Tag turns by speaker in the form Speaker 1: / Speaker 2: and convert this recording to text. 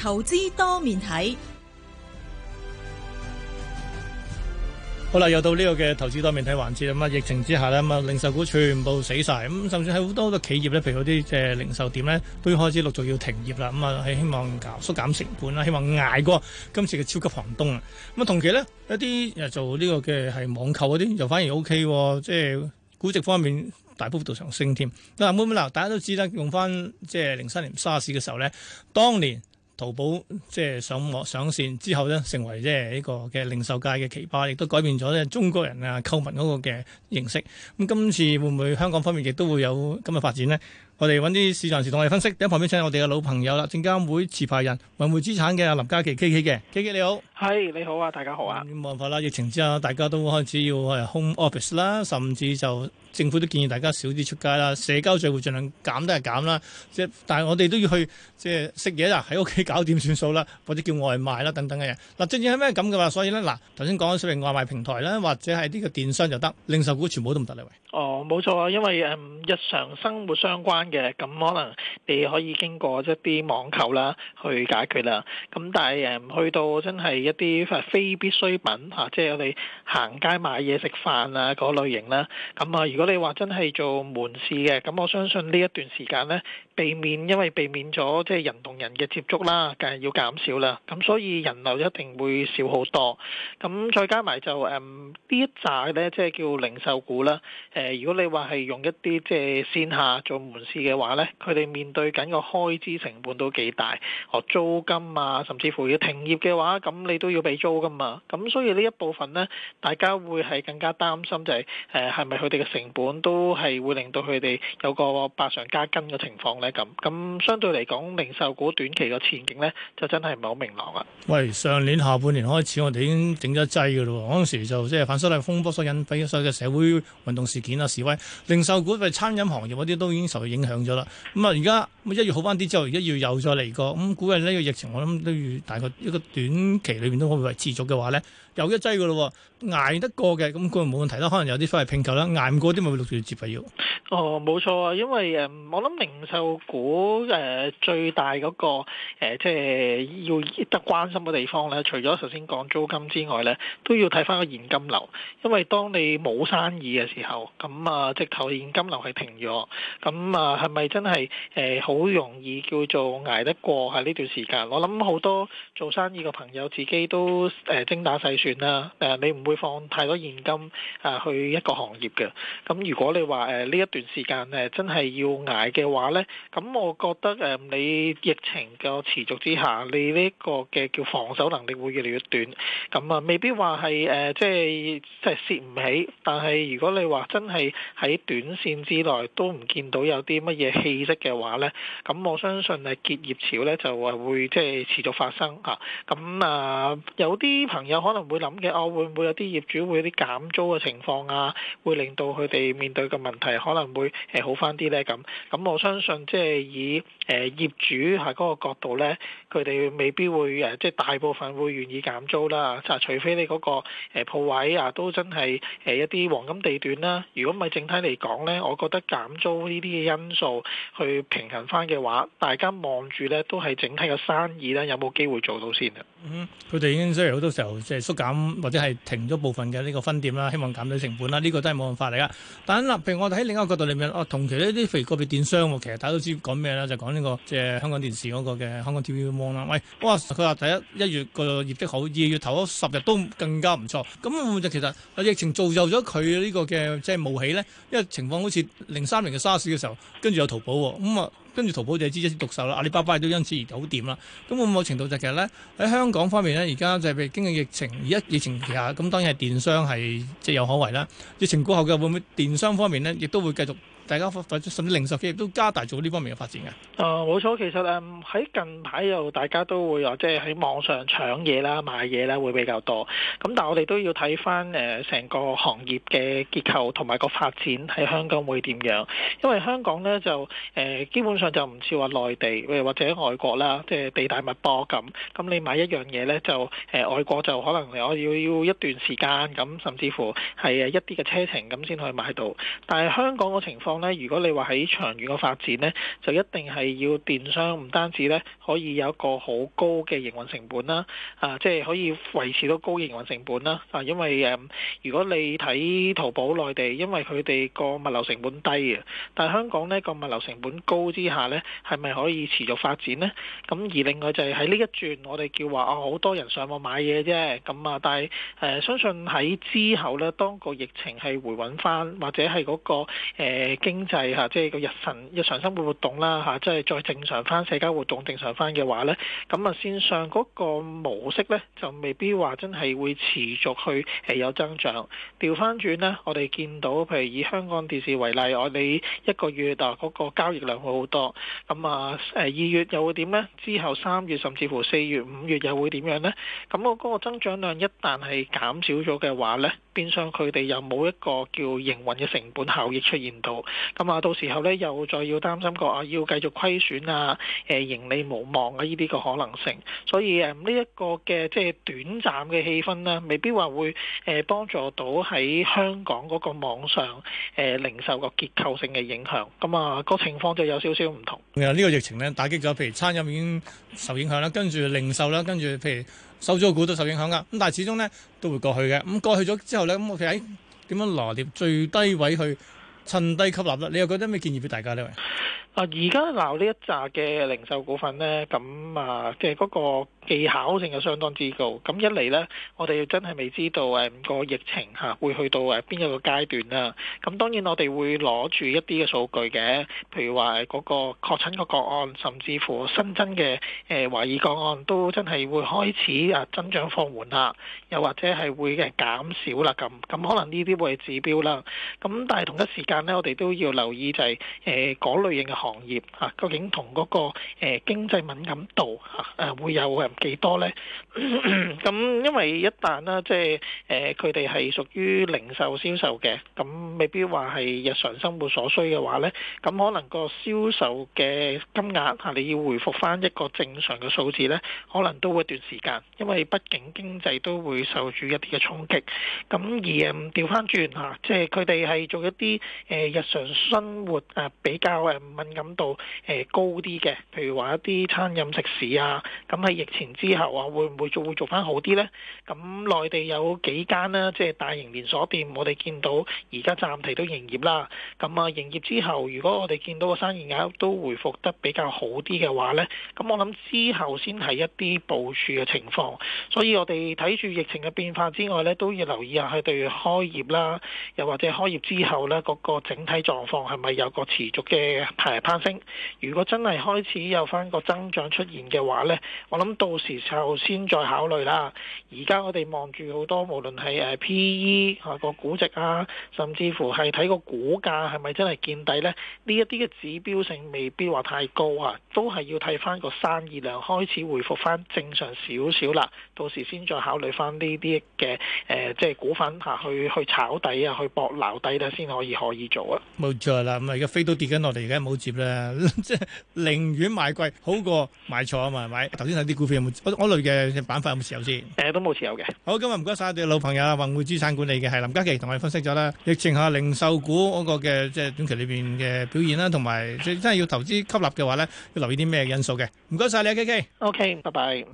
Speaker 1: 投資多面
Speaker 2: 睇，好啦，又到呢個嘅投資多面睇環節啦。咁啊，疫情之下咧，咁啊，零售股全部死晒，咁甚至係好多好多企業咧，譬如嗰啲即係零售店咧，都要開始陸續要停業啦。咁啊，係希望減縮減成本啦，希望挨過今次嘅超級寒冬啊。咁啊，同期呢，一啲誒做呢個嘅係網購嗰啲，又反而 OK，即係估值方面大幅度上升添。嗱，大家都知得用翻即係零三年沙士嘅時候呢，當年。淘寶即係上網上線之後呢，成為即係呢個嘅零售界嘅奇葩，亦都改變咗咧中國人啊購物嗰個嘅形式。咁今次會唔會香港方面亦都會有咁嘅發展呢？我哋揾啲市場時同我哋分析，喺旁邊請入我哋嘅老朋友啦，證監會持牌人宏匯資產嘅林嘉麒 K K 嘅，K K 你好。係你好啊，大家好啊，冇辦法啦，疫情之後大家都開始要係 home office 啦，甚至就政府都建議大家少啲出街啦，社交聚會儘量減都係減啦，即係但係我哋都要去即係食嘢啦，喺屋企搞掂算數啦，或者叫外賣啦等等嘅嘢。嗱，正正係咩咁嘅話，所以咧嗱，頭先講咗所謂外賣平台啦，或者係啲嘅電商就得，零售股全部都唔得啦喎。哦，
Speaker 1: 冇錯啊，因為誒日常生活相關。嘅咁可能你可以經過一啲網購啦去解決啦，咁但係誒去到真係一啲非必需品嚇，即係我哋行街買嘢食飯啊嗰類型啦。咁啊，如果你話真係做門市嘅，咁我相信呢一段時間咧，避免因為避免咗即係人同人嘅接觸啦，梗係要減少啦。咁所以人流一定會少好多。咁再加埋就誒呢一扎咧，即係叫零售股啦。誒，如果你話係用一啲即係線下做門市嘅話咧，佢哋面對緊個開支成本都幾大，學租金啊，甚至乎要停業嘅話，咁你都要俾租金噶嘛。咁所以呢一部分咧，大家會係更加擔心就係誒，係咪佢哋嘅成本都係會令到佢哋有個百上加斤嘅情況咧？咁咁相對嚟講，零售股短期嘅前景咧，就真係唔係好明朗啊。
Speaker 2: 喂，上年下半年開始，我哋已經整咗劑嘅咯。嗰陣時就即係反修例風波所引發所有嘅社會運動事件啊、示威，零售股、咪餐飲行業嗰啲都已經受影響。咗、嗯、啦，咁啊而家一月好翻啲之後，而家要有再嚟過，咁、嗯、估計呢個疫情我諗都要大概一個短期裏面都可以會持續嘅話咧，有一劑嘅咯，捱得過嘅，咁、嗯、估唔冇問題啦。可能有啲翻嚟併購啦，捱唔過啲咪陸續要折費要。
Speaker 1: 哦，冇錯啊，因為我諗零售股、呃、最大嗰、嗰個、呃、即係要得關心嘅地方咧，除咗頭先講租金之外咧，都要睇翻個現金流，因為當你冇生意嘅時候，咁啊直頭現金流係停咗，咁啊。呃係咪真係誒好容易叫做捱得過喺呢段時間？我諗好多做生意嘅朋友自己都誒精打細算啦，誒你唔會放太多現金啊去一個行業嘅。咁如果你話誒呢一段時間誒真係要捱嘅話咧，咁我覺得誒你疫情嘅持續之下，你呢個嘅叫防守能力會越嚟越短。咁啊，未必話係誒即係即係蝕唔起，但係如果你話真係喺短線之內都唔見到有啲乜嘢氣息嘅話呢？咁我相信結業潮呢就會即係持續發生嚇。咁啊，有啲朋友可能會諗嘅，我會唔會有啲業主會有啲減租嘅情況啊？會令到佢哋面對嘅問題可能會好翻啲呢？咁咁我相信即係以業主嗰個角度呢，佢哋未必會即係大部分會願意減租啦。除非你嗰個鋪位啊都真係一啲黃金地段啦。如果唔係整體嚟講呢，我覺得減租呢啲嘅因素做去平衡翻嘅話，大家望住咧都係整體嘅生意咧，有冇機會做到先啊？嗯，
Speaker 2: 佢哋已經雖然好多時候即係縮減或者係停咗部分嘅呢個分店啦，希望減到成本啦，呢、這個都係冇辦法嚟噶。但係譬如我哋喺另一個角度裏面，哦、啊，同期呢啲譬如個別電商，其實大家都知講咩咧，就講呢、這個即係、就是、香港電視嗰個嘅香港 TV mall 啦。喂，哇，佢話第一一月個業績好，二月頭十日都更加唔錯。咁就其實疫情造就咗佢呢個嘅即係冒起咧，因為情況好似零三年嘅 SARS 嘅時候。跟住有淘寶喎，咁、嗯、啊跟住淘寶就係之一隻毒手啦，阿里巴巴亦都因此而好掂啦。咁咁嘅程度就其實咧喺香港方面咧，而家就係經濟疫情，而家疫情期下，咁、嗯、當然係電商係即、就是、有可為啦。疫情過後嘅會唔會電商方面咧，亦都會繼續。大家甚至零售企業都加大咗呢方面嘅發展嘅。
Speaker 1: 誒冇錯，其實誒喺、嗯、近排又大家都會話，即係喺網上搶嘢啦、買嘢啦，會比較多。咁但係我哋都要睇翻誒成個行業嘅結構同埋個發展喺香港會點樣，因為香港咧就誒基本上就唔似話內地或者外國啦，即係地大物博咁。咁你買一樣嘢咧就誒外國就可能我要要一段時間，咁甚至乎係一啲嘅車程咁先可以買到。但係香港嘅情況。咧，如果你話喺長遠嘅發展呢，就一定係要電商，唔單止呢，可以有一個好高嘅營運成本啦，啊，即係可以維持到高營運成本啦，啊，因為誒，如果你睇淘寶內地，因為佢哋個物流成本低啊，但係香港呢個物流成本高之下呢，係咪可以持續發展呢？咁而另外就係喺呢一轉，我哋叫話啊，好多人上網買嘢啫，咁啊，但係誒，相信喺之後呢，當個疫情係回穩翻，或者係嗰個誒經濟嚇，即係個日常日常生活活動啦嚇，即係再正常翻，社交活動正常翻嘅話呢。咁啊線上嗰個模式呢，就未必話真係會持續去誒有增長。調翻轉呢，我哋見到譬如以香港電視為例，我哋一個月嗱嗰個交易量會好多。咁啊誒二月又會點呢？之後三月甚至乎四月五月又會點樣呢？咁我嗰個增長量一旦係減少咗嘅話呢。變相佢哋又冇一個叫營運嘅成本效益出現到，咁啊到時候咧又再要擔心過啊要繼續虧損啊，誒盈利無望啊呢啲個可能性，所以誒呢一個嘅即係短暫嘅氣氛呢，未必話會誒幫助到喺香港嗰個網上誒零售個結構性嘅影響，咁啊個情況就有少少唔
Speaker 2: 同。呢個疫情咧打擊咗，譬如餐飲已經受影響啦，跟住零售啦，跟住譬如收租股都受影響噶，咁但係始終咧都會過去嘅，咁過去咗之後。咁我睇點樣拿捏最低位去趁低吸納啦？你又覺得咩建議俾大家呢？喂。啊！而家嗱
Speaker 1: 呢一紮嘅零售股份咧，咁啊，即係嗰個技巧性係相當之高。咁一嚟咧，我哋真係未知道誒個疫情嚇會去到誒邊一個階段啦。咁當然我哋會攞住一啲嘅數據嘅，譬如話嗰個確診嘅個案，甚至乎新增嘅誒懷疑個案都真係會開始啊增長放緩啦，又或者係會嘅減少啦咁。咁可能呢啲會係指標啦。咁但係同一時間咧，我哋都要留意就係誒嗰類型嘅行。行業嚇，究竟同嗰個誒經濟敏感度嚇誒會有誒幾多咧？咁因為一旦啦，即係誒佢哋係屬於零售銷售嘅，咁未必話係日常生活所需嘅話咧，咁可能個銷售嘅金額嚇你要回復翻一個正常嘅數字咧，可能都會一段時間，因為畢竟經濟都會受住一啲嘅衝擊。咁而調翻轉嚇，即係佢哋係做一啲誒日常生活誒比較誒敏。感到誒高啲嘅，譬如話一啲餐飲、食肆啊，咁喺疫情之後啊，會唔會做會做翻好啲呢？咁內地有幾間呢，即係大型連鎖店，我哋見到而家暫時都營業啦。咁啊，營業之後，如果我哋見到個生意額都回復得比較好啲嘅話呢，咁我諗之後先係一啲部署嘅情況。所以我哋睇住疫情嘅變化之外呢，都要留意下佢哋開業啦，又或者開業之後呢，嗰個整體狀況係咪有個持續嘅排？如果真係開始有翻個增長出現嘅話呢，我諗到時就先再考慮啦。而家我哋望住好多，無論係 P E 嚇、啊、個估值啊，甚至乎係睇個股價係咪真係見底呢？呢一啲嘅指標性未必話太高啊，都係要睇翻個生意量開始回復翻正常少少啦。到時先再考慮翻呢啲嘅誒，即係股份嚇、啊、去去炒底啊，去搏撈底咧、啊，先可以可以做啊。
Speaker 2: 冇錯啦，咁啊而家飛刀跌緊落嚟，而家冇。啦，即係寧願買貴好過買錯啊嘛！係咪頭先睇啲股票有冇？我類嘅板塊有冇持有先？誒，都冇持有嘅。好，今日唔該晒我哋老朋友宏匯資產管理嘅，係林嘉麒同我哋分析咗啦。疫情下零售股嗰個嘅即係短期裏邊嘅表現啦，同埋即係真係要投資吸納嘅話咧，要留意啲咩因素嘅？唔該晒你啊，K K。OK，拜拜。